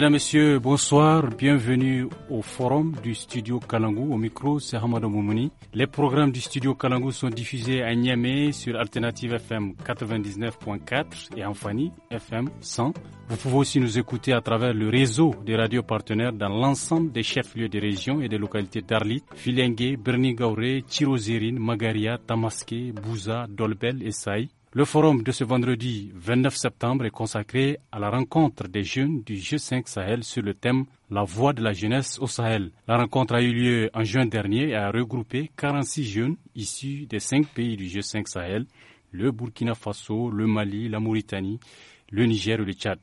Mesdames, Messieurs, bonsoir. Bienvenue au forum du studio Kalangou. Au micro, c'est Hamadou Moumouni. Les programmes du studio Kalangou sont diffusés à Niamey sur Alternative FM 99.4 et Amphani FM 100. Vous pouvez aussi nous écouter à travers le réseau des radios partenaires dans l'ensemble des chefs-lieux des régions et des localités d'Arlit, Filengue, Bernigauré, Tirozérine, Magaria, Tamaské, Bouza, Dolbel et Saï. Le forum de ce vendredi 29 septembre est consacré à la rencontre des jeunes du G5 Sahel sur le thème La voix de la jeunesse au Sahel. La rencontre a eu lieu en juin dernier et a regroupé 46 jeunes issus des cinq pays du G5 Sahel, le Burkina Faso, le Mali, la Mauritanie, le Niger et le Tchad.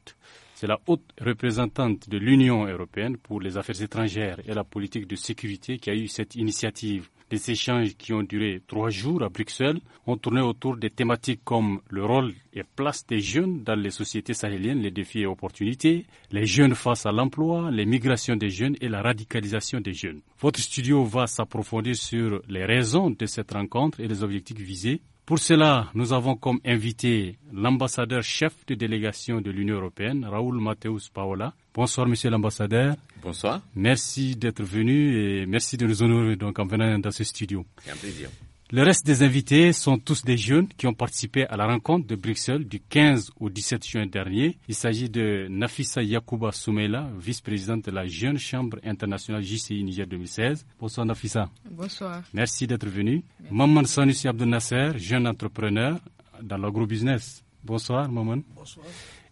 C'est la haute représentante de l'Union européenne pour les affaires étrangères et la politique de sécurité qui a eu cette initiative. Les échanges qui ont duré trois jours à Bruxelles ont tourné autour des thématiques comme le rôle et place des jeunes dans les sociétés sahéliennes, les défis et opportunités, les jeunes face à l'emploi, les migrations des jeunes et la radicalisation des jeunes. Votre studio va s'approfondir sur les raisons de cette rencontre et les objectifs visés pour cela, nous avons comme invité l'ambassadeur chef de délégation de l'Union européenne, Raoul Mateus Paola. Bonsoir, monsieur l'ambassadeur. Bonsoir. Merci d'être venu et merci de nous honorer donc en venant dans ce studio. C'est un plaisir. Le reste des invités sont tous des jeunes qui ont participé à la rencontre de Bruxelles du 15 au 17 juin dernier. Il s'agit de Nafissa Yakuba Soumela, vice-présidente de la Jeune Chambre internationale JCI Niger 2016. Bonsoir Nafissa. Bonsoir. Merci d'être venu. Maman Sanusi Abdel Nasser, jeune entrepreneur dans l'agro-business. Bonsoir Maman. Bonsoir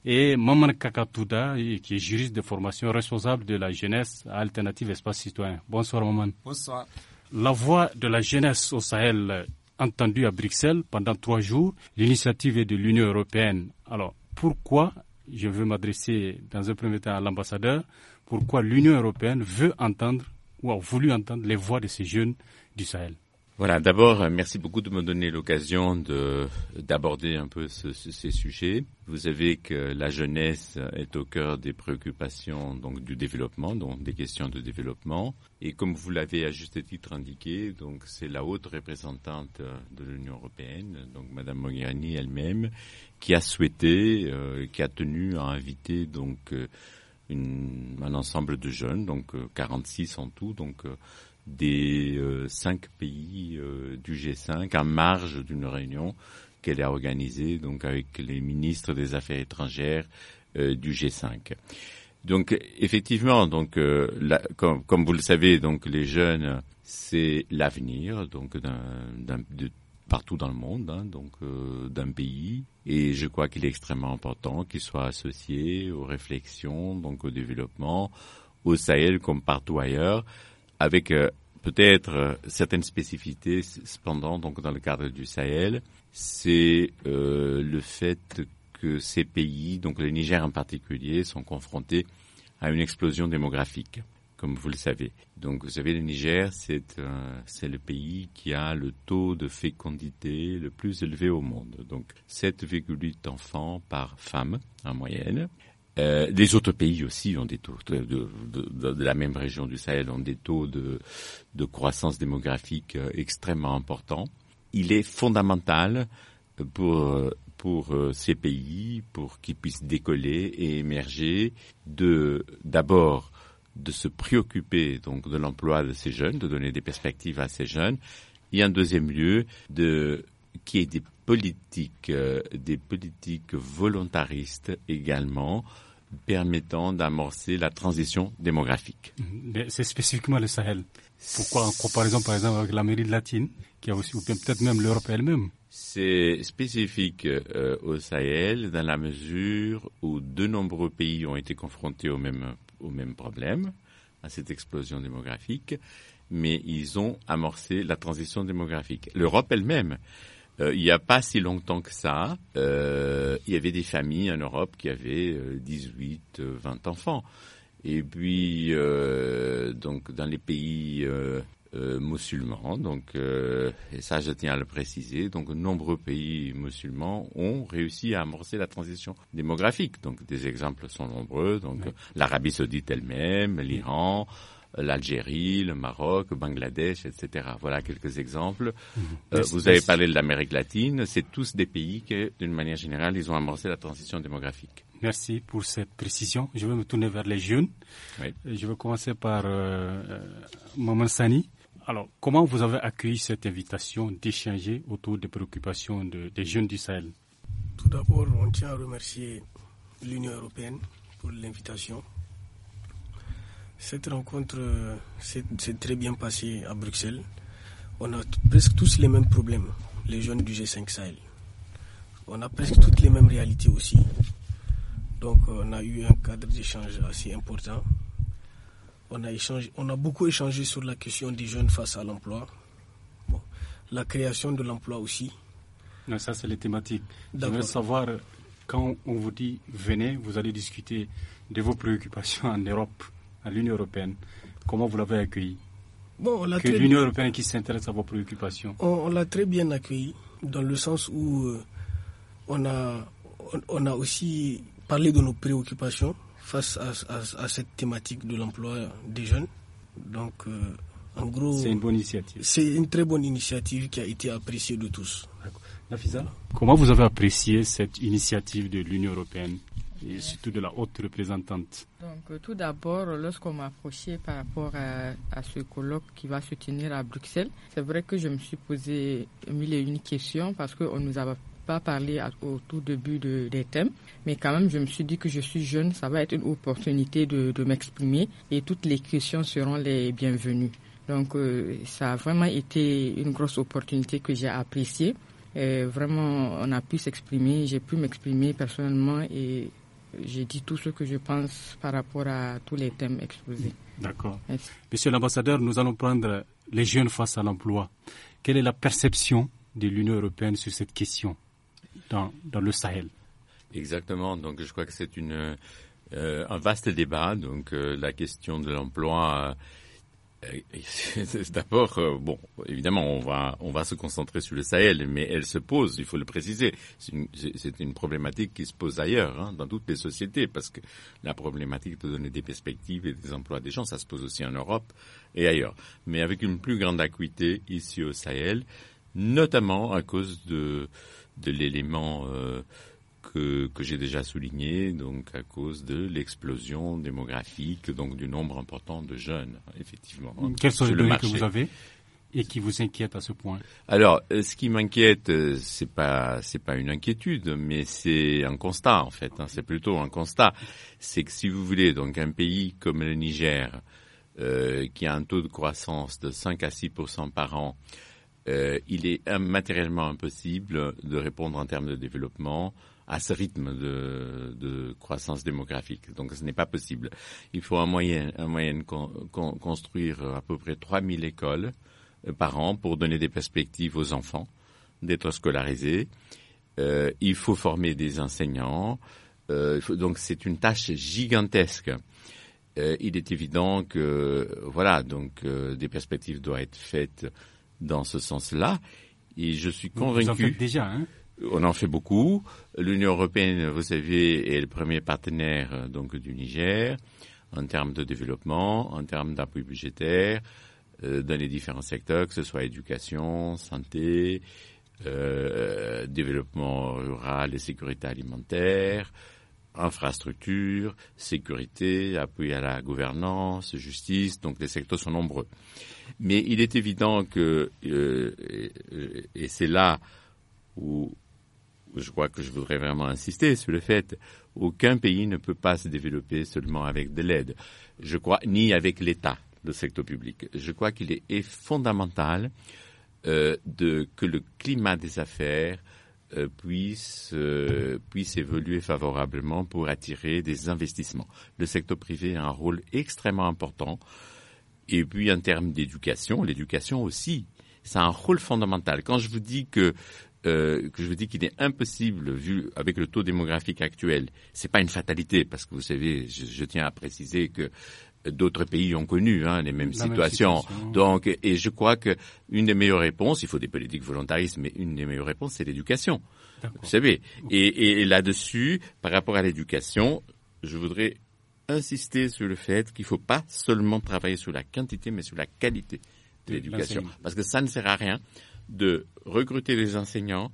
et Maman Kakatouda, qui est juriste de formation responsable de la jeunesse à Alternative Espace Citoyen. Bonsoir Maman. Bonsoir. La voix de la jeunesse au Sahel entendue à Bruxelles pendant trois jours, l'initiative est de l'Union européenne. Alors, pourquoi, je veux m'adresser dans un premier temps à l'ambassadeur, pourquoi l'Union européenne veut entendre ou a voulu entendre les voix de ces jeunes du Sahel voilà, d'abord, euh, merci beaucoup de me donner l'occasion de, d'aborder un peu ces sujets. Vous savez que la jeunesse est au cœur des préoccupations donc du développement, donc des questions de développement. Et comme vous l'avez à juste titre indiqué, donc c'est la haute représentante euh, de l'Union européenne, donc Madame Mogherini elle-même, qui a souhaité, euh, qui a tenu à inviter donc un ensemble de jeunes, donc 46 en tout, donc des euh, cinq pays euh, du G5 en marge d'une réunion qu'elle a organisée donc avec les ministres des Affaires étrangères euh, du G5. Donc effectivement, donc comme, vous le savez, donc les jeunes c'est l'avenir donc partout dans le monde, hein, donc d'un pays. Et je crois qu'il est extrêmement important qu'ils soient associés aux réflexions, donc au développement, au Sahel comme partout ailleurs avec euh, peut-être euh, certaines spécificités cependant donc dans le cadre du Sahel, c'est euh, le fait que ces pays, donc le Niger en particulier, sont confrontés à une explosion démographique, comme vous le savez. Donc vous savez, le Niger, c'est c'est le pays qui a le taux de fécondité le plus élevé au monde, donc 7,8 enfants par femme en moyenne. Euh, les autres pays aussi ont des taux de, de, la même région du Sahel ont des taux de, de croissance démographique euh, extrêmement importants. Il est fondamental euh, pour pour ces pays pour qu'ils puissent décoller et émerger de d'abord de se préoccuper donc de l'emploi de ces jeunes, de donner des perspectives à ces jeunes, et en deuxième lieu de qui est des politiques, des politiques volontaristes également, permettant d'amorcer la transition démographique. C'est spécifiquement le Sahel. Pourquoi en comparaison par exemple avec l'Amérique latine, qui a aussi, ou peut-être même l'Europe elle-même C'est spécifique euh, au Sahel dans la mesure où de nombreux pays ont été confrontés au même, au même problème, à cette explosion démographique, mais ils ont amorcé la transition démographique. L'Europe elle-même euh, il n'y a pas si longtemps que ça, euh, il y avait des familles en Europe qui avaient 18, euh, 20 enfants. Et puis, donc, dans les pays musulmans, donc, et ça je tiens à le préciser, donc, nombreux pays musulmans ont réussi à amorcer la transition démographique. Donc, des exemples sont nombreux, donc, l'Arabie saoudite elle-même, l'Iran l'Algérie, le Maroc, le Bangladesh, etc. Voilà quelques exemples. Mhm. Euh, vous avez parlé de l'Amérique latine. C'est tous des pays qui, d'une manière générale, ils ont amorcé la transition démographique. Merci pour cette précision. Je vais me tourner vers les jeunes. Euh, je vais commencer par euh, Maman Sani. Alors, comment vous avez accueilli cette invitation d'échanger autour des préoccupations des jeunes du Sahel Tout d'abord, on tient à remercier l'Union européenne pour l'invitation cette rencontre euh, s'est très bien passée à Bruxelles. On a presque tous les mêmes problèmes, les jeunes du G5 Sahel. On a presque toutes les mêmes réalités aussi. Donc euh, on a eu un cadre d'échange assez important. On a, échangé, on a beaucoup échangé sur la question des jeunes face à l'emploi, la création de l'emploi aussi. Non, ça c'est les thématiques. veux savoir quand on vous dit venez, vous allez discuter de vos préoccupations en Europe à l'Union européenne. Comment vous l'avez accueilli bon, on Que l'Union européenne qui s'intéresse à vos préoccupations. On, l'a très bien accueilli, dans le sens où euh, on, a, on, a aussi parlé de nos préoccupations face à, cette thématique de l'emploi des jeunes. Donc, euh, en gros. C'est une bonne initiative. C'est une très bonne initiative qui a été appréciée de tous. comment vous avez apprécié cette initiative de l'Union européenne et surtout de la haute représentante. Donc, euh, tout d'abord, lorsqu'on m'a approché par rapport à, ce colloque qui va se tenir à Bruxelles, c'est vrai que je me suis posé mille et une questions parce qu'on nous a pas parlé au tout début des thèmes, mais quand même, je me suis dit que je suis jeune, ça va être une opportunité de, m'exprimer et toutes les questions seront les bienvenues. Donc, euh, ça a vraiment été une grosse opportunité que j'ai appréciée. vraiment, on a pu s'exprimer, j'ai pu m'exprimer personnellement et j'ai dit tout ce que je pense par rapport à tous les thèmes exposés. D'accord. Monsieur l'ambassadeur, nous allons prendre les jeunes face à l'emploi. Quelle est la perception de l'Union européenne sur cette question dans, dans le Sahel Exactement. Donc, je crois que c'est une euh, un vaste débat. Donc, euh, la question de l'emploi. Euh, euh, d'abord, euh, bon, évidemment, on va, on va se concentrer sur le Sahel, mais elle se pose, il faut le préciser. C'est une, une, problématique qui se pose ailleurs, hein, dans toutes les sociétés, parce que la problématique de donner des perspectives et des emplois des gens, ça se pose aussi en Europe et ailleurs. Mais avec une plus grande acuité ici au Sahel, notamment à cause de, de l'élément euh, que, j'ai déjà souligné, donc à cause de l'explosion démographique, donc du nombre important de jeunes, effectivement. Mmh. Quels sont les données que vous avez et qui vous inquiète à ce point Alors, euh, ce qui m'inquiète, euh, c'est pas c'est pas une inquiétude, mais c'est un constat en fait. Hein. c'est plutôt un constat. C'est que si vous voulez, donc un pays comme le Niger, euh, qui a un taux de croissance de 5 à 6 par an, il est matériellement impossible de répondre en termes de développement à ce rythme de, de croissance démographique. Donc ce n'est pas possible. Il faut en moyenne, un moyenne construire à peu près 3000 écoles euh, par an pour donner des perspectives aux enfants d'être scolarisés. Euh, il faut former des enseignants. Euh, donc c'est une tâche gigantesque. Euh, il est évident que voilà donc euh, des perspectives doivent être faites dans ce sens-là. Et je suis convaincu. déjà, hein on en fait beaucoup. L'Union européenne, vous savez, est le premier partenaire euh, donc du Niger en termes de développement, en termes d'appui budgétaire euh, dans les différents secteurs, que ce soit éducation, santé, euh, développement rural et sécurité alimentaire, infrastructure, sécurité, appui à la gouvernance, justice. Donc les secteurs sont nombreux. Mais il est évident que, et c'est là où je crois que je voudrais vraiment insister sur le fait qu'aucun pays ne peut pas se développer seulement avec de l'aide, je crois, ni avec l'État, le secteur public. Je crois qu'il est, fondamental euh, de, que le climat des affaires euh, puisse, euh, puisse évoluer favorablement pour attirer des investissements. Le secteur privé a un rôle extrêmement important. Et puis en termes d'éducation, l'éducation aussi, ça a un rôle fondamental. Quand je vous dis que euh, que je vous dis qu'il est impossible, vu avec le taux démographique actuel, c'est pas une fatalité, parce que vous savez, je, tiens à préciser que d'autres pays ont connu hein, les mêmes situations. Donc, et je crois que une des meilleures réponses, il faut des politiques volontaristes, mais une des meilleures réponses, c'est l'éducation. Vous savez. Et, et là-dessus, par rapport à l'éducation, je voudrais insister sur le fait qu'il ne faut pas seulement travailler sur la quantité, mais sur la qualité de l'éducation. Parce que ça ne sert à rien de recruter des enseignants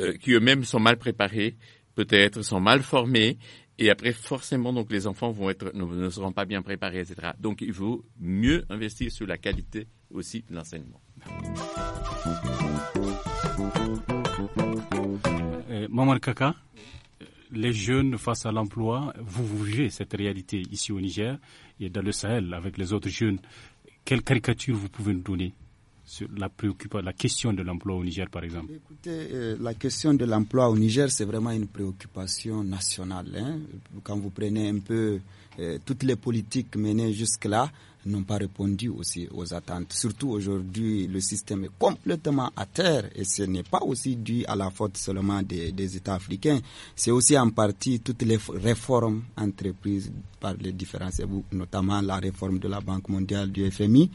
euh, qui eux-mêmes sont mal préparés, peut-être sont mal formés, et après forcément donc les enfants vont être ne, seront pas bien préparés, etc. Donc il vaut mieux investir sur la qualité aussi de l'enseignement. Euh, Maman Kaka, les jeunes face à l'emploi, vous, vous cette réalité ici au Niger et dans le Sahel avec les autres jeunes. Quelle caricature vous pouvez nous donner sur la, préoccupation, la question de l'emploi au Niger, par exemple Écoutez, euh, la question de l'emploi au Niger, c'est vraiment une préoccupation nationale. Hein. Quand vous prenez un peu euh, toutes les politiques menées jusque-là, n'ont pas répondu aussi aux attentes. Surtout aujourd'hui, le système est complètement à terre et ce n'est pas aussi dû à la faute seulement des, États africains. C'est aussi en partie toutes les réformes entreprises par les différents, notamment la réforme de la Banque mondiale du FMI,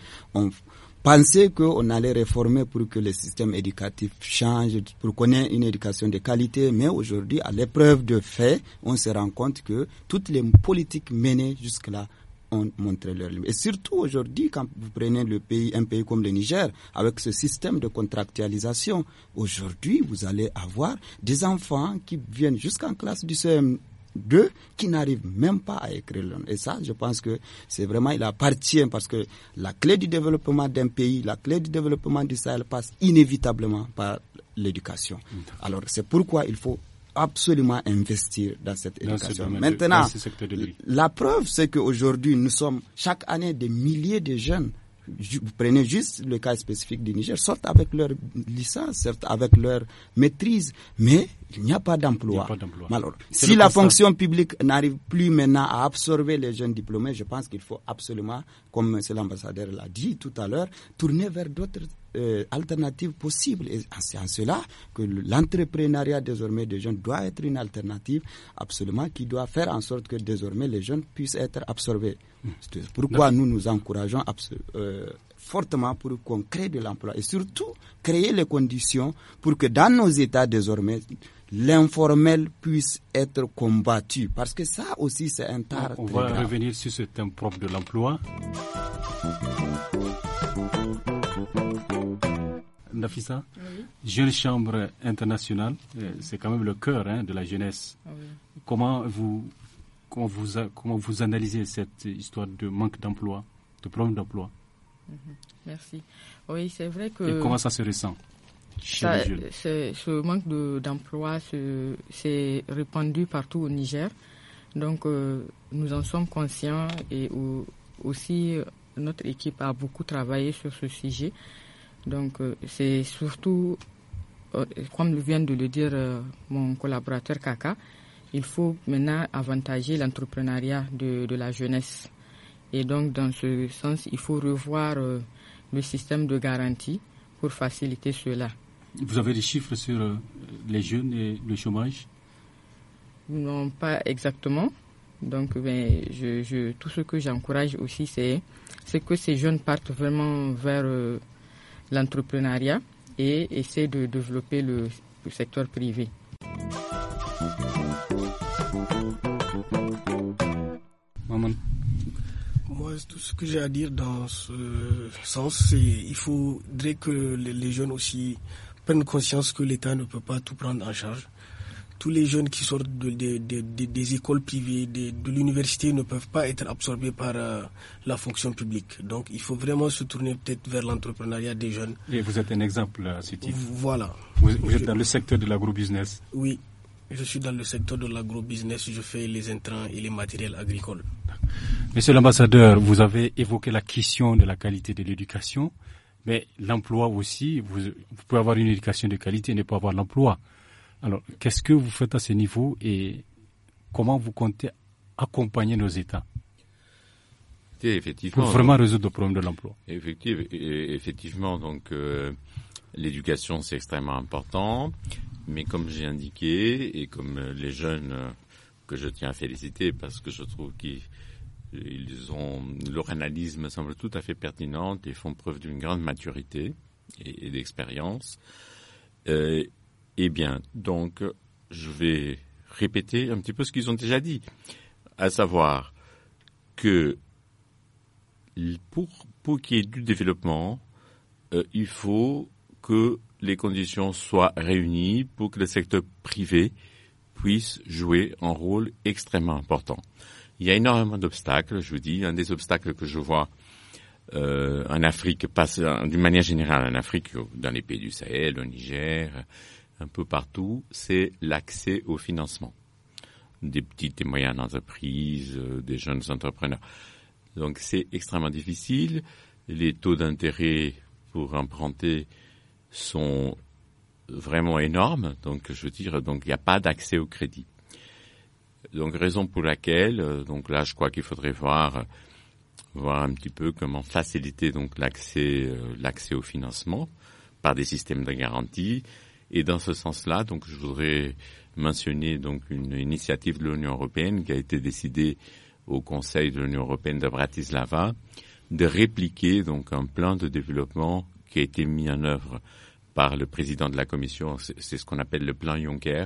penser qu'on allait réformer pour que le système éducatif change, pour qu'on ait une éducation de qualité, mais aujourd'hui, à l'épreuve de fait, on se rend compte que toutes les politiques menées jusque-là ont montré leur limite. Et surtout aujourd'hui, quand vous prenez le pays, un pays comme le Niger, avec ce système de contractualisation, aujourd'hui, vous allez avoir des enfants qui viennent jusqu'en classe du CM d'eux qui n'arrivent même pas à écrire leur nom. Et ça, je pense que c'est vraiment, il appartient parce que la clé du développement d'un pays, la clé du développement du Sahel passe inévitablement par l'éducation. Alors c'est pourquoi il faut absolument investir dans cette éducation. Maintenant, la preuve, c'est qu'aujourd'hui, nous sommes chaque année des milliers de jeunes vous prenez juste le cas spécifique du Niger, sortent avec leur licence, certes avec leur maîtrise, mais il n'y a pas d'emploi. Si la fonction publique n'arrive plus maintenant à absorber les jeunes diplômés, je pense qu'il faut absolument, comme M. l'ambassadeur l'a dit tout à l'heure, tourner vers d'autres euh, alternatives possibles. Et c'est en cela que l'entrepreneuriat désormais des jeunes doit être une alternative absolument qui doit faire en sorte que désormais les jeunes puissent être absorbés. C'est pourquoi nous nous encourageons euh, fortement pour qu'on crée de l'emploi et surtout créer les conditions pour que dans nos États désormais, l'informel puisse être combattu. Parce que ça aussi, c'est un tard. On va revenir sur ce thème propre de l'emploi. Nafisa, Jeune Chambre internationale, euh, c'est quand même le cœur hein, de la jeunesse. Ah Comment vous comment vous, comment vous analysez cette histoire de manque d'emploi, de problème d'emploi mhm. Merci. Oui, c'est vrai que. Et comment ça se ressent ça, Ce manque d'emploi, s'est c'est répandu partout au Niger. Donc, euh, nous en sommes conscients et aussi notre équipe a beaucoup travaillé sur ce sujet. Donc, euh, c'est surtout, euh, comme vient de le dire mon collaborateur Kaka, il faut maintenant avantager l'entrepreneuriat de, la jeunesse. Et donc, dans ce sens, il faut revoir euh, le système de garantie pour faciliter cela. Vous avez des chiffres sur euh, les jeunes et le chômage Non, pas exactement. Donc, ben, je, tout ce que j'encourage aussi, c'est que ces jeunes partent vraiment vers euh, l'entrepreneuriat et essaient de développer le secteur privé. tout ce que j'ai à dire dans ce sens, c'est il faudrait que les jeunes aussi prennent conscience que l'État ne peut pas tout prendre en charge. Tous les jeunes qui sortent des écoles privées, de, l'université, ne peuvent pas être absorbés par euh, la fonction publique. Donc il faut vraiment se tourner peut-être vers l'entrepreneuriat des jeunes. Et vous êtes un exemple à euh, ce Voilà. Vous, êtes dans le secteur de l'agro-business. Oui, je suis dans le secteur de l'agrobusiness, je fais les intrants et les matériels agricoles. Monsieur l'ambassadeur, vous avez évoqué la question de la qualité de l'éducation, mais l'emploi aussi, vous, pouvez avoir une éducation de qualité et ne pas avoir l'emploi. Alors, qu'est-ce que vous faites à ce niveau et comment vous comptez accompagner nos États pour vraiment résoudre le problème de l'emploi Effectivement, donc euh, l'éducation c'est extrêmement important. Mais comme j'ai indiqué, et comme euh, les jeunes euh, que je tiens à féliciter, parce que je trouve qu'ils ont leur analyse me semble tout à fait pertinente et font preuve d'une grande maturité et, d'expérience. Euh, eh bien, donc, je vais répéter un petit peu ce qu'ils ont déjà dit, à savoir que pour, pour qu'il y ait du développement, il faut que les conditions soient réunies pour que le secteur privé puisse jouer un rôle extrêmement important. Il y a énormément d'obstacles, je vous dis. Un des obstacles que je vois euh, en Afrique, d'une manière générale en Afrique, dans les pays du Sahel, au Niger, un peu partout, c'est l'accès au financement des petites et moyennes entreprises, euh, des jeunes entrepreneurs. Donc c'est extrêmement difficile. Les taux d'intérêt pour emprunter sont vraiment énormes. Donc, je veux dire, donc il n'y a pas d'accès au crédit. Donc, raison pour laquelle, euh, donc là, je crois qu'il faudrait voir, voir un petit peu comment faciliter donc l'accès, euh, l'accès au financement par des systèmes de garantie. Et dans ce sens-là, donc, je voudrais mentionner donc une initiative de l'Union européenne qui a été décidée au Conseil de l'Union européenne de Bratislava de répliquer donc un plan de développement qui a été mis en œuvre par le président de la Commission, c'est ce qu'on appelle le plan Juncker,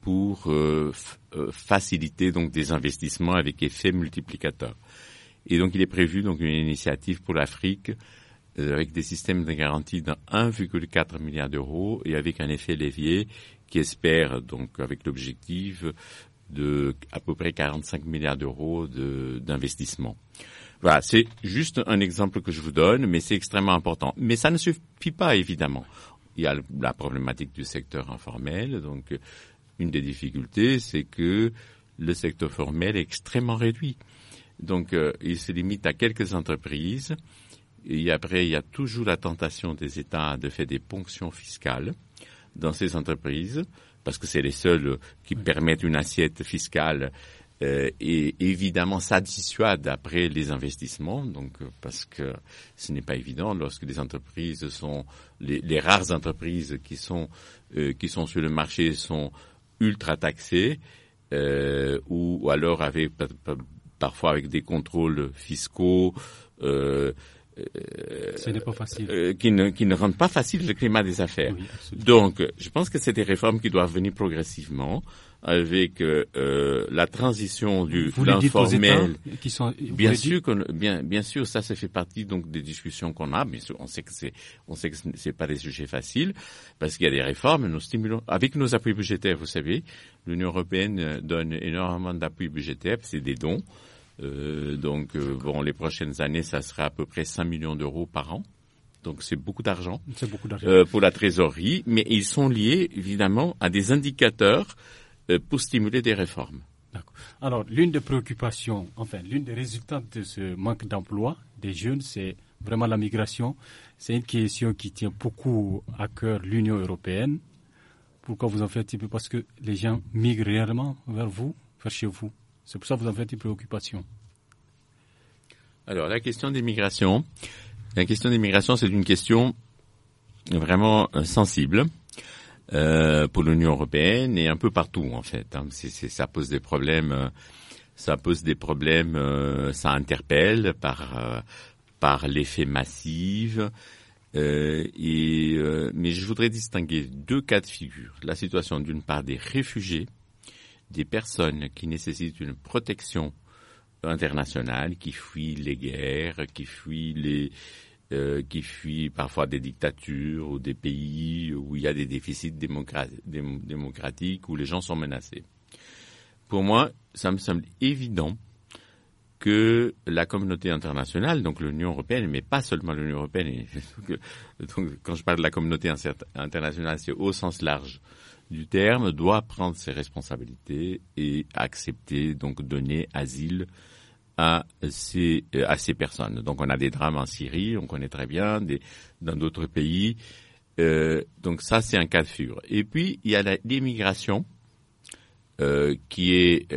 pour euh, euh, faciliter donc des investissements avec effet multiplicateur. Et donc il est prévu donc une initiative pour l'Afrique euh, avec des systèmes de garantie d'un 1,4 milliard d'euros et avec un effet levier qui espère donc avec l'objectif de à peu près 45 milliards d'euros d'investissement. Voilà, c'est juste un exemple que je vous donne, mais c'est extrêmement important. Mais ça ne suffit pas, évidemment. Il y a la problématique du secteur informel. Donc, euh, une des difficultés, c'est que le secteur formel est extrêmement réduit. Donc, euh, il se limite à quelques entreprises. Et après, il y a toujours la tentation des États de faire des ponctions fiscales dans ces entreprises, parce que c'est les seules qui permettent une assiette fiscale euh, et évidemment, ça dissuade après les investissements, donc euh, parce que ce n'est pas évident lorsque les entreprises sont les, rares entreprises qui sont euh, qui sont sur le marché sont ultra taxées ou, alors avec parfois avec des contrôles fiscaux. Ce n'est qui, ne, qui ne rendent pas facile le climat des affaires. Donc, je pense que c'est des réformes qui doivent venir progressivement avec euh, euh, la transition du l'informel. Qui sont, bien sûr, bien, bien sûr, ça, ça fait partie donc des discussions qu'on a. mais on sait que c'est, on sait que c'est pas des sujets faciles parce qu'il y a des réformes. Nous stimulons avec nos appuis budgétaires. Vous savez, l'Union européenne euh, donne énormément d'appuis budgétaires, c'est des dons. Euh, donc, euh, bon, les prochaines années, ça sera à peu près 5 millions d'euros par an. Donc c'est beaucoup d'argent euh, pour la trésorerie, mais ils sont liés évidemment à des indicateurs euh, pour stimuler des réformes. Alors, l'une des préoccupations, enfin, l'une des résultats de ce manque d'emploi des jeunes, c'est vraiment la migration. C'est une question qui tient beaucoup à cœur l'Union européenne. Pourquoi vous en faites un peu Parce que les gens migrent réellement vers vous, vers chez vous. C'est pour ça que vous en faites une préoccupation. Alors, la question des migrations, la question des migrations, c'est une question vraiment euh, sensible. Euh, pour l'Union européenne et un peu partout en fait. Hein. ça pose des problèmes, euh, ça pose des problèmes, euh, ça interpelle par par l'effet massif. et mais je voudrais distinguer deux cas de figure la situation d'une part des réfugiés, des personnes qui nécessitent une protection internationale, qui fuient les guerres, qui fuient les euh, qui fuient parfois des dictatures ou des pays où il y a des déficits démocratiques, où les gens sont menacés. Pour moi, ça me semble évident que la communauté internationale, donc l'Union européenne, mais pas seulement l'Union européenne, donc, quand je parle de la communauté internationale, c'est au sens large du terme, doit prendre ses responsabilités et accepter, donc donner asile à ces, euh, à ces personnes. Donc on a des drames en Syrie, on connaît très bien, des, dans d'autres pays. Euh, donc ça, c'est un cas de figure. Et puis, il y a l'immigration, euh, qui est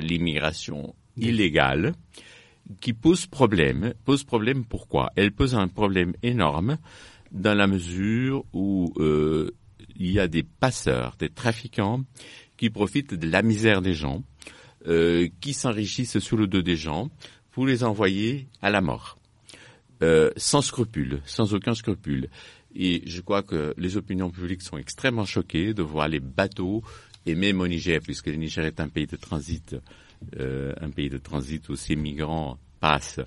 l'immigration illégale, qui pose problème. Pose problème pourquoi Elle pose un problème énorme dans la mesure où il y a des passeurs, des trafiquants qui profitent de la misère des gens euh, qui s'enrichissent sous le dos des gens pour les envoyer à la mort, euh, sans scrupule, sans aucun scrupule. Et je crois que les opinions publiques sont extrêmement choquées de voir les bateaux, et même au Niger, puisque le Niger est un pays de transit, euh, un pays de transit où ces migrants passent,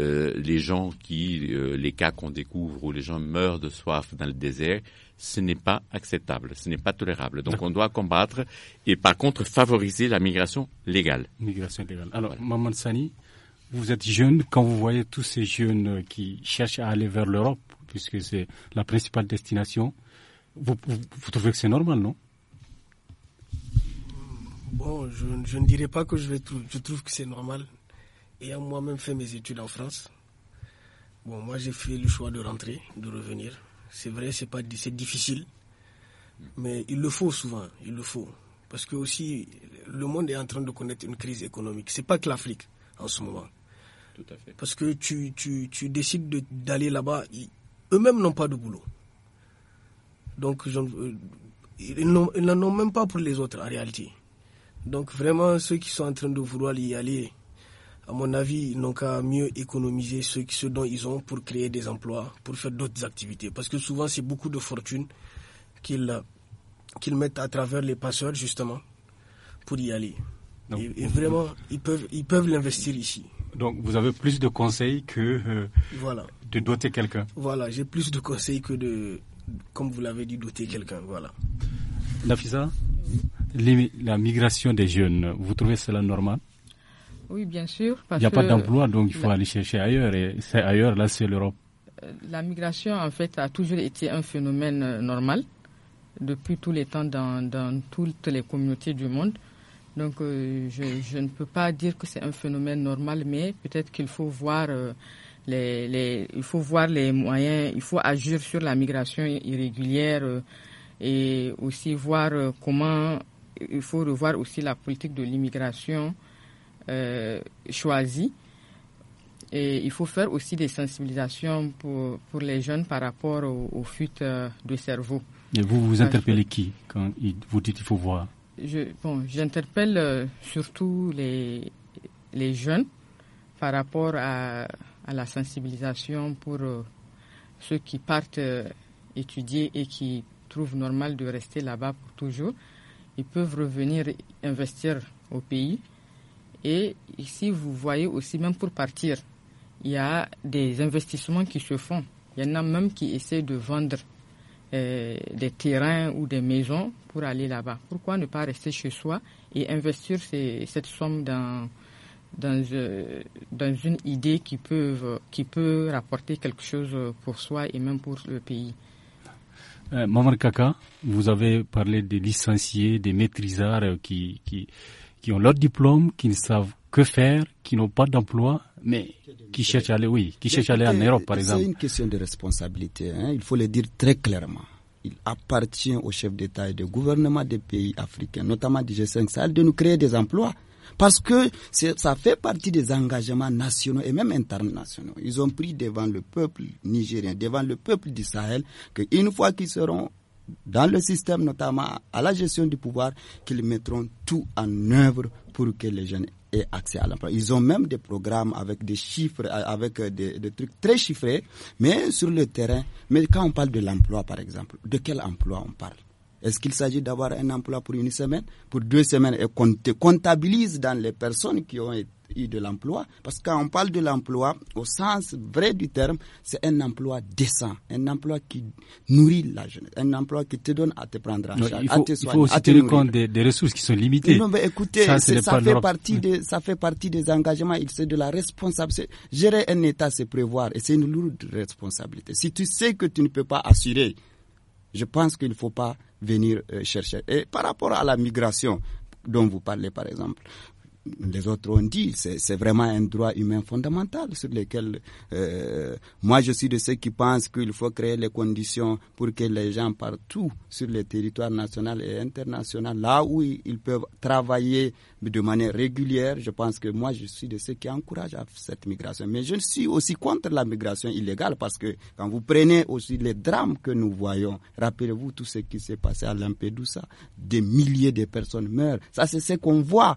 euh, les gens qui, euh, les cas qu'on découvre où les gens meurent de soif dans le désert, ce n'est pas acceptable, ce n'est pas tolérable. Donc on doit combattre et par contre favoriser la migration légale. Migration légale. Alors, Maman Sani, vous êtes jeune, quand vous voyez tous ces jeunes euh, qui cherchent à aller vers l'Europe, puisque c'est la principale destination, vous, trouvez que c'est normal, non Bon, je, je, ne dirais pas que je, vais, je trouve que c'est normal ayant moi-même fait mes études en France, bon, moi j'ai fait le choix de rentrer, de revenir. C'est vrai, c'est pas, c'est difficile, mais il le faut souvent, il le faut, parce que aussi le monde est en train de connaître une crise économique. C'est pas que l'Afrique en ce moment. Tout à fait. Parce que tu, tu décides d'aller là-bas, eux-mêmes n'ont pas de boulot. Donc, euh, ils n'en ont même pas pour les autres en réalité. Donc, vraiment, ceux qui sont en train de vouloir y aller, à mon avis, ils n'ont qu'à mieux économiser ce, ce, dont ils ont pour créer des emplois, pour faire d'autres activités. Parce que souvent, c'est beaucoup de fortune qu'ils mettent à travers les passeurs, justement, pour y aller. et, vraiment, ils peuvent ils peuvent l'investir ici. Donc, vous avez plus de conseils que euh, de doter quelqu'un. Voilà, j'ai plus de conseils que de, comme vous l'avez dit, doter quelqu'un. Voilà. Nafisa, la migration des jeunes, vous trouvez cela normal oui, bien sûr. il n'y a pas d'emploi, donc il faut aller chercher ailleurs. Et c'est ailleurs, là, c'est l'Europe. Euh, la migration, en fait, a toujours été un phénomène euh, normal depuis tous les temps dans, toutes les communautés du monde. Donc, euh, je, ne peux pas dire que c'est un phénomène normal, mais peut-être qu'il faut voir les, il faut voir les moyens, il faut agir sur la migration irrégulière et aussi voir comment il faut revoir aussi la politique de l'immigration euh, choisis. Et il faut faire aussi des sensibilisations pour, pour les jeunes par rapport aux, fuites euh, de cerveau. Et vous, vous interpellez qui quand vous dites qu'il faut voir bon, J'interpelle euh, surtout les, les jeunes par rapport à, à la sensibilisation pour ceux qui partent étudier et qui trouvent normal de rester là-bas pour toujours. Ils peuvent revenir investir au pays et ici, vous voyez aussi, même pour partir, il y a des investissements qui se font. Il y en a même qui essaient de vendre euh, des terrains ou des maisons pour aller là-bas. Pourquoi ne pas rester chez soi et investir cette somme dans, dans, euh, dans une idée qui peut, qui peut rapporter quelque chose pour soi et même pour le pays euh, Kaka, vous avez parlé des licenciés, des maîtrisards euh, qui, qui, qui ont leur diplôme, qui ne savent que faire, qui n'ont pas d'emploi, mais qui cherchent à aller, oui, qui cherchent aller en Europe, par exemple. C'est une question de responsabilité. Hein. Il faut le dire très clairement. Il appartient aux chefs d'État et de gouvernement des pays africains, notamment du G5 Sahel, de nous créer des emplois. Parce que ça fait partie des engagements nationaux et même internationaux. Ils ont pris devant le peuple nigérien, devant le peuple du Sahel, qu'une fois qu'ils seront dans le système, notamment à la gestion du pouvoir, qu'ils mettront tout en œuvre pour que les jeunes aient accès à l'emploi. Ils ont même des programmes avec des chiffres, euh, avec euh, des, trucs très chiffrés, mais sur le terrain. Mais quand on parle de l'emploi, par exemple, de quel emploi on parle est-ce qu'il s'agit d'avoir un emploi pour une semaine, pour deux semaines et comptabilise dans les personnes qui ont été et de l'emploi. Parce que quand on parle de l'emploi, au sens vrai du terme, c'est un emploi décent, un emploi qui nourrit la jeunesse, un emploi qui te donne à te prendre en charge, à te Il faut tenir compte des, ressources qui sont limitées. Non, mais écoutez, ça, fait partie ça fait partie des engagements, c'est de la responsabilité. Gérer un État, c'est prévoir et c'est une lourde responsabilité. Si tu sais que tu ne peux pas assurer, je pense qu'il ne faut pas venir euh, chercher. Et par rapport à la migration, dont vous parlez par exemple les autres ont dit, c'est vraiment un droit humain fondamental sur lequel euh, moi je suis de ceux qui pensent qu'il faut créer les conditions pour que les gens partout sur les territoires nationaux et internationaux là où ils peuvent travailler de manière régulière, je pense que moi je suis de ceux qui encouragent cette migration. Mais je suis aussi contre la migration illégale parce que quand vous prenez aussi les drames que nous voyons, rappelez-vous tout ce qui s'est passé à Lampedusa, des milliers de personnes meurent. Ça c'est ce qu'on voit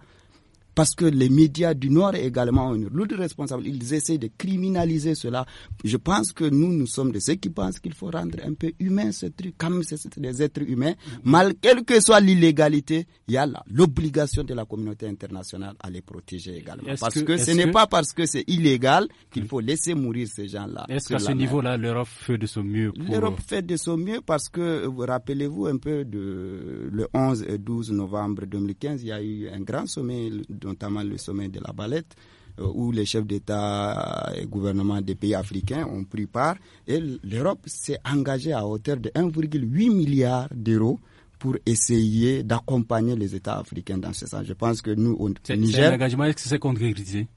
parce que les médias du Nord également ont une lourde responsabilité. Ils essaient de criminaliser cela. Je pense que nous, nous sommes de ceux qui pensent qu'il faut rendre un peu humain ce truc. comme c'est des êtres humains. Mm-hmm. Mal, quelle que soit l'illégalité, il y a l'obligation de la communauté internationale à les protéger également. Parce que, ce n'est pas parce que c'est illégal qu'il mm-hmm. faut laisser mourir ces gens-là. Est-ce qu'à ce, niveau-là, l'Europe fait de son mieux pour... L'Europe fait de son mieux parce que, rappelez-vous un peu de le 11 et 12 novembre 2015, il y a eu un grand sommet de notamment le sommet de la balette, euh, où les chefs d'État et gouvernements des pays africains ont pris part. Et l'Europe s'est engagée à hauteur de 1,8 milliard d'euros pour essayer d'accompagner les États africains dans ce sens. Je pense que nous, au Niger... C'est un engagement qui s'est concrétisé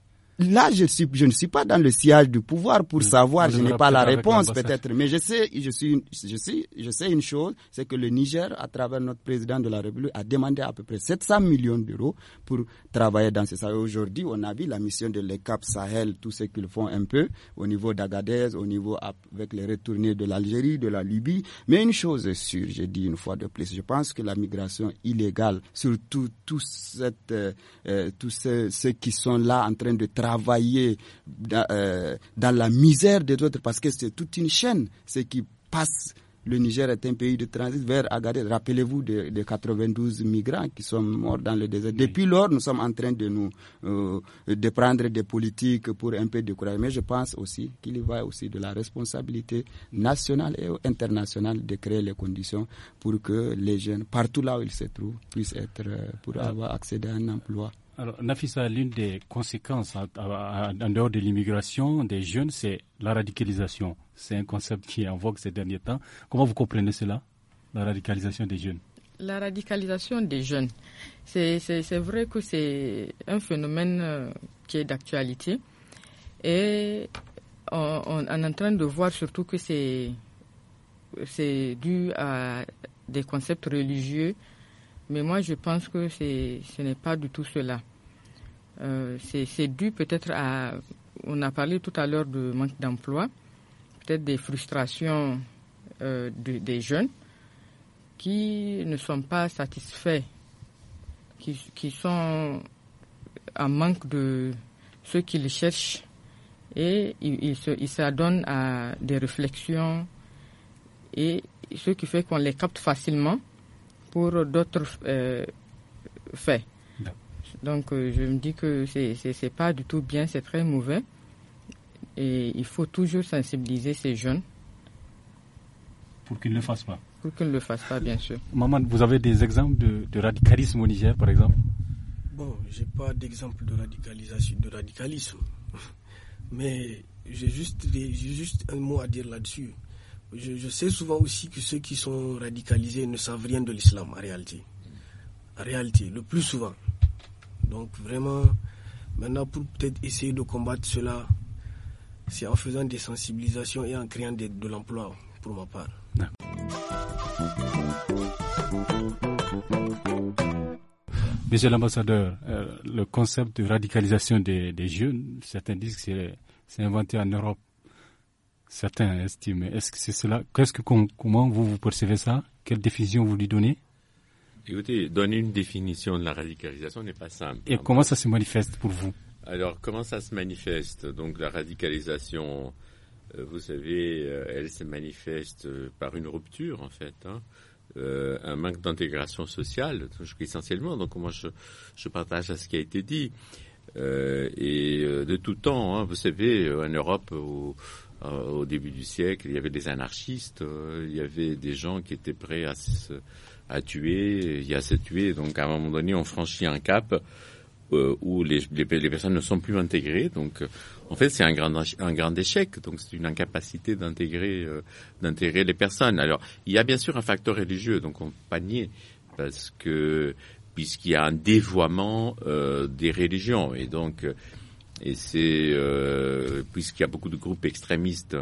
là, je, suis, je ne suis pas dans le sillage du pouvoir pour mm. savoir, je n'ai pas la réponse peut-être, mais je sais, je, suis, je, suis, je sais une chose, c'est que le Niger, à travers notre président de la République, a demandé à peu près 700 millions d'euros pour travailler dans ce Sahel. Aujourd'hui, on a vu la mission de l'ECAP Sahel, tout ce qu'ils font un peu au niveau d'Agadez, au niveau avec les retournés de l'Algérie, de la Libye. Mais une chose est sûre, j'ai dit une fois de plus, je pense que la migration illégale, surtout tous euh, euh, tous ceux qui sont là en train de travailler, travailler euh, dans, la misère des autres parce que c'est toute une chaîne, ce qui passe le Niger est un pays de transit vers Agadez. Rappelez-vous des de 92 migrants qui sont morts dans le désert. Depuis lors, nous sommes en train de nous euh, de prendre des politiques pour un peu décourager. Mais je pense aussi qu'il y va aussi de la responsabilité nationale et internationale de créer les conditions pour que les jeunes, partout là où ils se trouvent, puissent être euh, pour ah. avoir accès à un emploi. Alors, Nafisa, l'une des conséquences en dehors de l'immigration des jeunes, c'est la radicalisation. C'est un concept qui est en vogue ces derniers temps. Comment vous comprenez cela, la radicalisation des jeunes La radicalisation des jeunes, c'est vrai que c'est un phénomène euh, qui est d'actualité. Et on, est en train de voir surtout que c'est dû à des concepts religieux mais moi, je pense que ce n'est pas du tout cela. Euh, c'est dû peut-être à. On a parlé tout à l'heure de manque d'emploi, peut-être des frustrations euh, des jeunes qui ne sont pas satisfaits, qui, sont en manque de ce qu'ils cherchent et ils s'adonnent à des réflexions et ce qui fait qu'on les capte facilement pour d'autres euh, faits. Donc euh, je me dis que c'est n'est pas du tout bien, c'est très mauvais. Et il faut toujours sensibiliser ces jeunes. Pour qu'ils ne le fassent pas. Pour qu'ils ne le fassent pas, bien sûr. Maman, vous avez des exemples de, radicalisme au Niger, par exemple Bon, je pas d'exemple de radicalisation, de radicalisme. Mais j'ai juste, juste un mot à dire là-dessus je, sais souvent aussi que ceux qui sont radicalisés ne savent rien de l'islam en réalité. En réalité, le plus souvent. Donc vraiment, maintenant pour peut-être essayer de combattre cela, c'est en faisant des sensibilisations et en créant de, l'emploi pour ma part. Monsieur l'ambassadeur, euh, le concept de radicalisation des jeunes, certains disent que c'est inventé en Europe certains estiment. Est-ce que c'est cela Qu'est-ce que comment vous vous percevez ça Quelle définition vous lui donnez Écoutez, donner une définition de la radicalisation n'est pas simple. Et comment ça se manifeste pour vous Alors, comment ça se manifeste Donc, la radicalisation, euh, vous savez, euh, elle se manifeste euh, par une rupture, en fait. Hein. un manque d'intégration sociale, essentiellement. Donc moi, je, partage à ce qui a été dit. et de tout temps, hein, vous savez, en Europe, où, euh, au début du siècle, il y avait des anarchistes, euh, il y avait des gens qui étaient prêts à, se, à tuer et à se tuer. Donc à un moment donné, on franchit un cap euh, où les, les, les, personnes ne sont plus intégrées. Donc en fait, c'est un grand, un grand échec. Donc c'est une incapacité d'intégrer d'intégrer les personnes. Alors il y a bien sûr un facteur religieux, donc on panier parce que puisqu'il y a un dévoiement des religions et donc et c'est euh, puisqu'il y a beaucoup de groupes extrémistes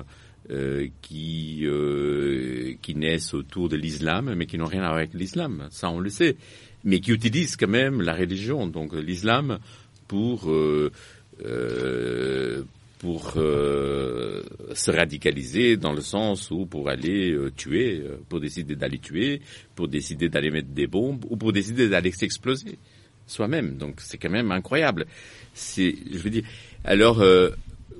euh, qui euh, qui naissent autour de l'islam, mais qui n'ont rien à voir avec l'islam, ça on le sait, mais qui utilisent quand même la religion, donc l'islam, pour pour se radicaliser dans le sens où pour aller tuer, pour décider d'aller tuer, pour décider d'aller mettre des bombes ou pour décider d'aller s'exploser soi-même. Donc c'est quand même incroyable. C'est, je veux dire, alors euh,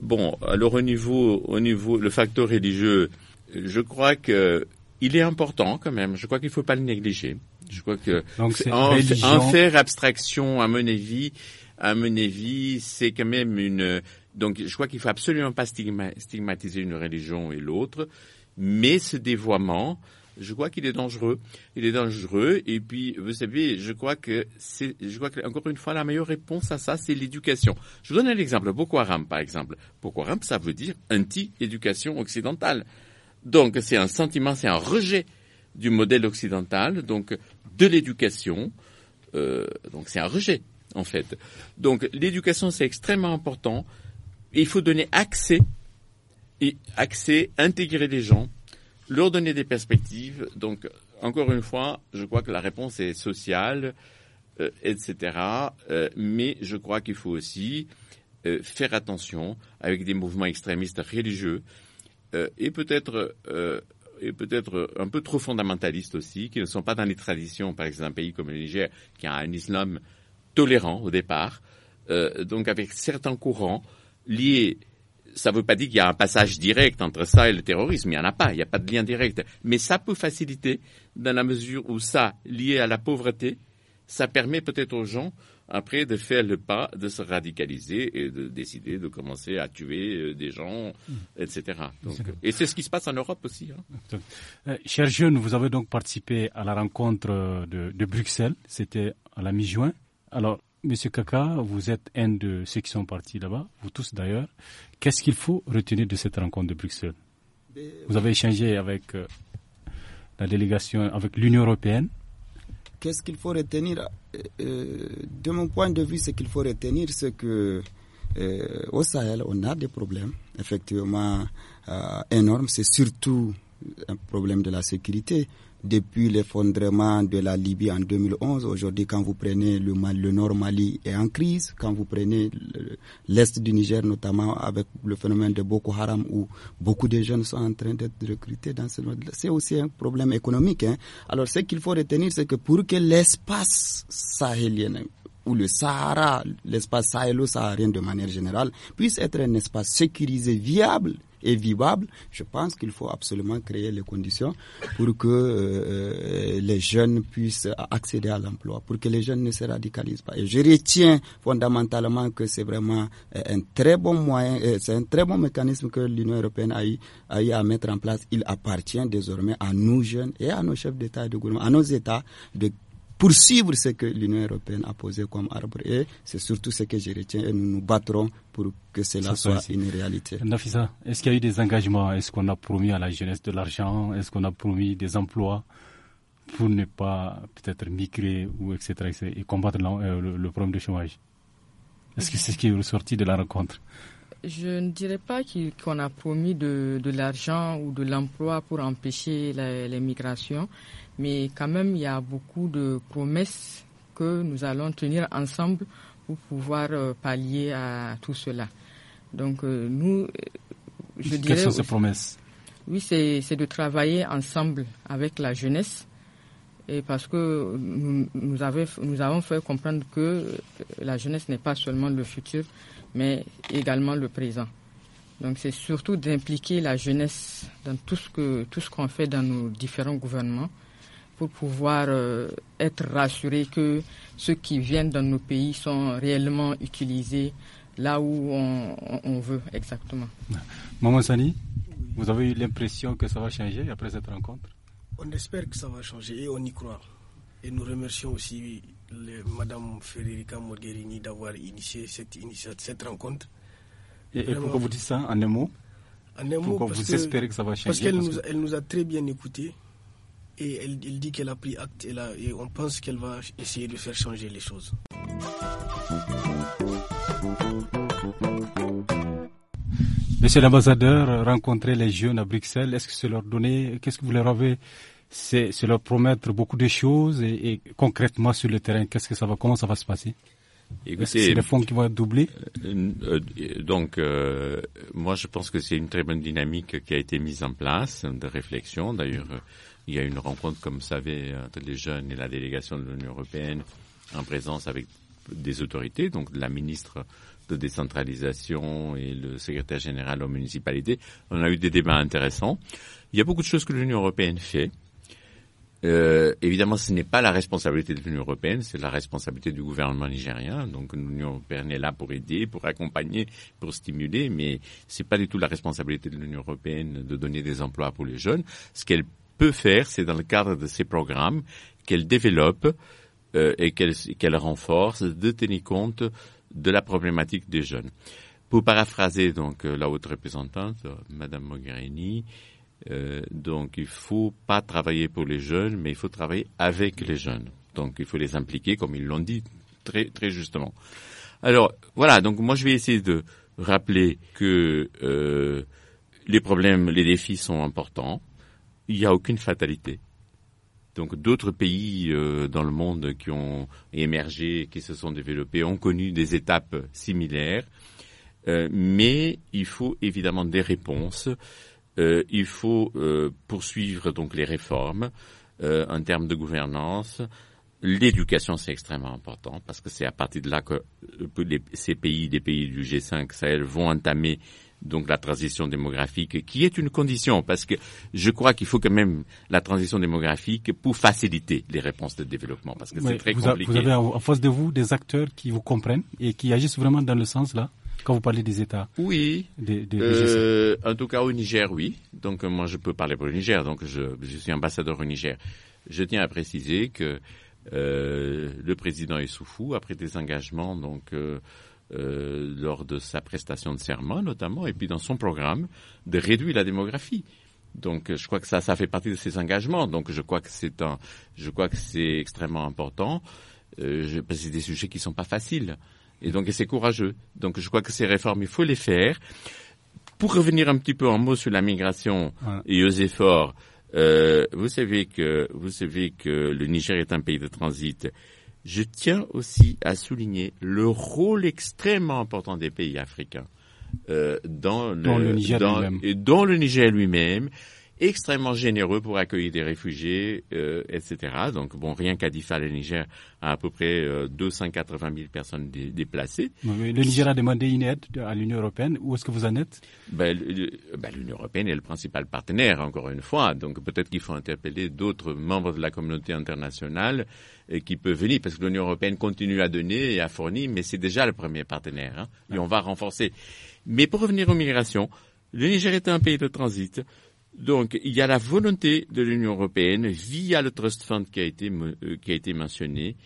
bon, alors au niveau, au niveau, le facteur religieux, je crois que il est important quand même. Je crois qu'il ne faut pas le négliger. Je crois que en, faire abstraction, à mener vie à mon avis, c'est quand même une. Donc, je crois qu'il faut absolument pas stigmatiser une religion et l'autre, mais ce dévoiement, je crois qu'il est dangereux. Il est dangereux. Et puis, vous savez, je crois que c'est, je crois que, encore une fois, la meilleure réponse à ça, c'est l'éducation. Je vous donne un exemple. Boko Haram, par exemple. Boko Haram, ça veut dire anti-éducation occidentale. Donc, c'est un sentiment, c'est un rejet du modèle occidental, donc de l'éducation. Euh, donc, c'est un rejet, en fait. Donc, l'éducation, c'est extrêmement important. Il faut donner accès et accès, intégrer les gens leur donner des perspectives. Donc, encore une fois, je crois que la réponse est sociale, euh, etc. Euh, mais je crois qu'il faut aussi euh, faire attention avec des mouvements extrémistes religieux et peut-être et peut-être un peu trop fondamentalistes aussi, qui ne sont pas dans les traditions, par exemple, d'un pays comme le Niger, qui a un islam tolérant au départ, donc avec certains courants liés ça ne veut pas dire qu'il y a un passage direct entre ça et le terrorisme. Il n'y en a pas. Il n'y a pas de lien direct. Mais ça peut faciliter dans la mesure où ça, lié à la pauvreté, ça permet peut-être aux gens après de faire le pas, de se radicaliser et de décider de commencer à tuer euh, des gens, hmm. etc. et c'est ce qui se passe en Europe aussi. Hein. Euh, Cher jeune, vous avez donc participé à la rencontre de, de Bruxelles, c'était à la mi-juin. Alors, Monsieur Kaka, vous êtes un de ceux qui sont partis là-bas, vous tous d'ailleurs. Qu'est-ce qu'il faut retenir de cette rencontre de Bruxelles Vous avez échangé avec euh, la délégation, avec l'Union européenne. Qu'est-ce qu'il faut retenir euh, euh, De mon point de vue, ce qu'il faut retenir, c'est que au Sahel, on a des problèmes effectivement énormes. C'est surtout un problème de la sécurité depuis l'effondrement de la Libye en 2011. Aujourd'hui, quand vous prenez le, le nord Mali est en crise, quand vous prenez l'est du Niger, notamment avec le phénomène de Boko Haram, où beaucoup de jeunes sont en train d'être recrutés dans ce c'est aussi un problème économique. Hein. Alors, ce qu'il faut retenir, c'est que pour que l'espace sahélien ou le Sahara, l'espace sahélo-saharien de manière générale, puisse être un espace sécurisé, viable, et vivable, je pense qu'il faut absolument créer les conditions pour que euh, euh, les jeunes puissent accéder à l'emploi, pour que les jeunes ne se radicalisent pas. Et je retiens fondamentalement que c'est vraiment euh, un très bon moyen, c'est un très bon mécanisme que l'Union européenne a eu, a eu à mettre en place. Il appartient désormais à nous jeunes et à nos chefs d'État et de gouvernement, à nos États de poursuivre ce que l'Union européenne a posé comme arbre. Et c'est surtout ce que je retiens et nous nous battrons pour que cela soit une réalité. Nafisa, est-ce qu'il y a eu des engagements Est-ce qu'on a promis à la jeunesse de l'argent Est-ce qu'on a promis des emplois pour ne pas peut-être migrer ou etc., et combattre euh, le, problème de chômage Est-ce que c'est ce qui est ressorti de la rencontre je ne dirais pas qu'on a promis de, l'argent ou de l'emploi pour empêcher les, migrations, mais quand même, il y a beaucoup de promesses que nous allons tenir ensemble pour pouvoir euh, pallier à tout cela. Donc euh, nous, euh, je dirais... sont ces promesses Oui, c'est de travailler ensemble avec la jeunesse. Et parce que nous avons fait comprendre que la jeunesse n'est pas seulement le futur, mais également le présent. Donc c'est surtout d'impliquer la jeunesse dans tout ce que tout ce qu'on fait dans nos différents gouvernements pour pouvoir euh, être rassuré que ceux qui viennent dans nos pays sont réellement utilisés là où on, veut exactement. Maman Sani, vous avez eu l'impression que ça va changer après cette rencontre On espère que ça va changer et on y croit. Et nous remercions aussi Madame Federica Mogherini d'avoir initié cette, rencontre. Et, pourquoi vous dites ça en un mot En un mot, parce vous espérez que ça va changer Parce qu'elle nous, nous a très bien écoutés et elle, dit qu'elle a pris acte et, on pense qu'elle va essayer de faire changer les choses. Monsieur l'ambassadeur, rencontrer les jeunes à Bruxelles, est-ce que c'est leur donner, qu'est-ce que vous leur avez c'est leur promettre beaucoup de choses et, concrètement sur le terrain, qu'est-ce que ça va, comment ça va se passer c'est les fonds qui vont être doublés euh, euh, Donc, euh, moi, je pense que c'est une très bonne dynamique qui a été mise en place de réflexion. D'ailleurs, il y a une rencontre, comme vous savez, entre les jeunes et la délégation de l'Union européenne en présence avec des autorités, donc la ministre de décentralisation et le secrétaire général aux municipalités. On a eu des débats intéressants. Il y a beaucoup de choses que l'Union européenne fait. Euh, évidemment, ce n'est pas la responsabilité de l'Union européenne, c'est la responsabilité du gouvernement nigérien. Donc l'Union européenne est là pour aider, pour accompagner, pour stimuler, mais c'est pas du tout la responsabilité de l'Union européenne de donner des emplois pour les jeunes. Ce qu'elle peut faire, c'est dans le cadre de ses programmes qu'elle développe euh, et qu'elle renforce, de tenir compte de la problématique des jeunes. Pour paraphraser donc euh, la haute représentante, Madame Mogherini, euh, donc il faut pas travailler pour les jeunes, mais il faut travailler avec les jeunes. Donc il faut les impliquer, comme ils l'ont dit très très justement. Alors voilà, donc moi je vais essayer de rappeler que euh, les problèmes, les défis sont importants. Il n'y a aucune fatalité. Donc d'autres pays euh, dans le monde qui ont émergé, qui se sont développés, ont connu des étapes similaires. mais il faut évidemment des réponses euh, il faut euh, poursuivre donc les réformes euh, en termes de gouvernance. L'éducation, c'est extrêmement important parce que c'est à partir de là que ces pays, des pays du G5 Sahel, vont entamer donc la transition démographique, qui est une condition, parce que je crois qu'il faut quand même la transition démographique pour faciliter les réponses de développement, parce que c'est très compliqué. vous avez en face de vous des acteurs qui vous comprennent et qui agissent vraiment dans le sens là quand vous parlez des États Oui. Euh, en tout cas, au Niger, oui. Donc, euh, moi, je peux parler pour le Niger. Donc, je, suis ambassadeur au Niger. Je tiens à préciser que euh, le président Issoufou a pris des engagements donc lors de sa prestation de serment notamment et puis dans son programme de réduire la démographie. Donc je crois que ça ça fait partie de ses engagements. Donc je crois que c'est un je crois que c'est extrêmement important. c'est des sujets qui sont pas faciles. Et donc, c'est courageux. Donc, je crois que ces réformes, il faut les faire. Pour revenir un petit peu en mots sur la migration et aux efforts, euh, vous savez que vous savez que le Niger est un pays de transit. Je tiens aussi à souligner le rôle extrêmement important des pays africains euh, dans, dans, le Niger lui-même, extrêmement généreux pour accueillir des réfugiés, euh, etc. Donc, bon, rien qu'à Difa, le Niger a à peu près 280 euh, 000 personnes déplacées. le Niger a demandé une aide à l'Union européenne. Où est-ce que vous en êtes ben, ben, L'Union européenne est le principal partenaire, encore une fois. Donc, peut-être qu'il faut interpeller d'autres membres de la communauté internationale et euh, qui peuvent venir, parce que l'Union européenne continue à donner et à fournir, mais c'est déjà le premier partenaire. Hein, et on va renforcer. Mais pour revenir aux migrations, le Niger est un pays de transit. Donc, il y a la volonté de l'Union européenne via le Trust Fund qui a été, euh, qui a été mentionné.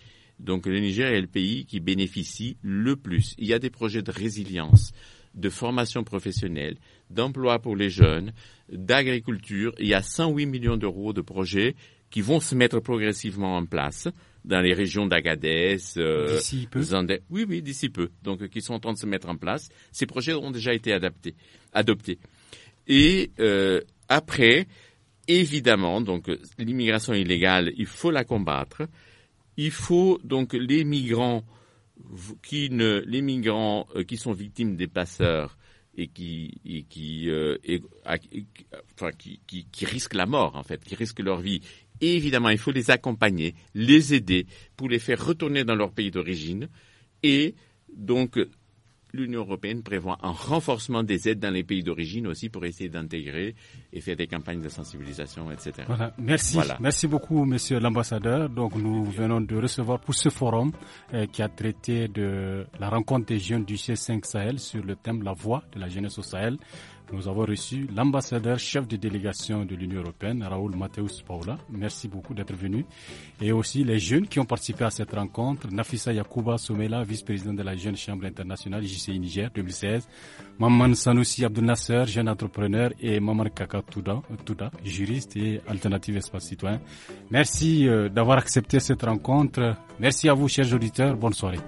Donc, le Niger est le pays qui bénéficie le plus. Il y a des projets de résilience, de formation professionnelle, d'emploi pour les jeunes, d'agriculture. Il y a 108 millions d'euros de projets qui vont se mettre progressivement en place dans les régions d'Agadez, euh, Oui, oui, d'ici peu. Donc, euh, qui sont en train de se mettre en place. Ces projets ont déjà été adaptés, adoptés. Et euh, après, évidemment, donc l'immigration illégale, il faut la combattre. Il faut donc les migrants qui les migrants euh, qui sont victimes des passeurs et euh, qui qui, qui, risquent la mort en fait, qui risquent leur vie. évidemment, il faut les accompagner, les aider pour les faire retourner dans leur pays d'origine et donc l'Union européenne prévoit un renforcement des aides dans les pays d'origine aussi pour essayer d'intégrer et faire des campagnes de sensibilisation, etc. Voilà. Merci. Voilà. Merci beaucoup, monsieur l'ambassadeur. Donc, nous venons de recevoir pour ce forum euh, qui a traité de la rencontre des jeunes du c 5 Sahel sur le thème La voix de la jeunesse au Sahel. Nous avons reçu l'ambassadeur chef de délégation de l'Union européenne, Raoul Mateus Paula. Merci beaucoup d'être venu. Et aussi les jeunes qui ont participé à cette rencontre, Nafisa Yakuba Soumela, vice-présidente de la Jeune Chambre internationale JCI Niger 2016, Maman Sanoussi Abdel Nasser, jeune entrepreneur, et Maman Kaka Touda, Touda juriste et alternative espace citoyen. Merci euh, d'avoir accepté cette rencontre. Merci à vous, chers auditeurs. Bonne soirée.